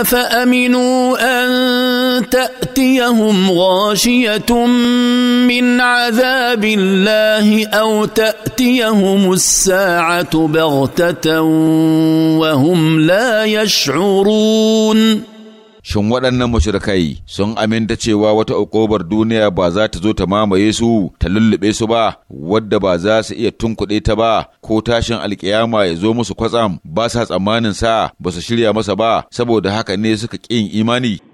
افامنوا ان تاتيهم غاشيه من عذاب الله او تاتيهم الساعه بغته وهم لا يشعرون shin waɗannan mashirkai sun aminta cewa wata ukobar duniya ba za ta zo ta mamaye su ta lullube su ba wadda ba za su iya tunkuɗe ta ba ko tashin alkiyama ya zo musu kwatsam ba sa tsammanin sa ba su shirya masa ba saboda haka ne suka ƙin imani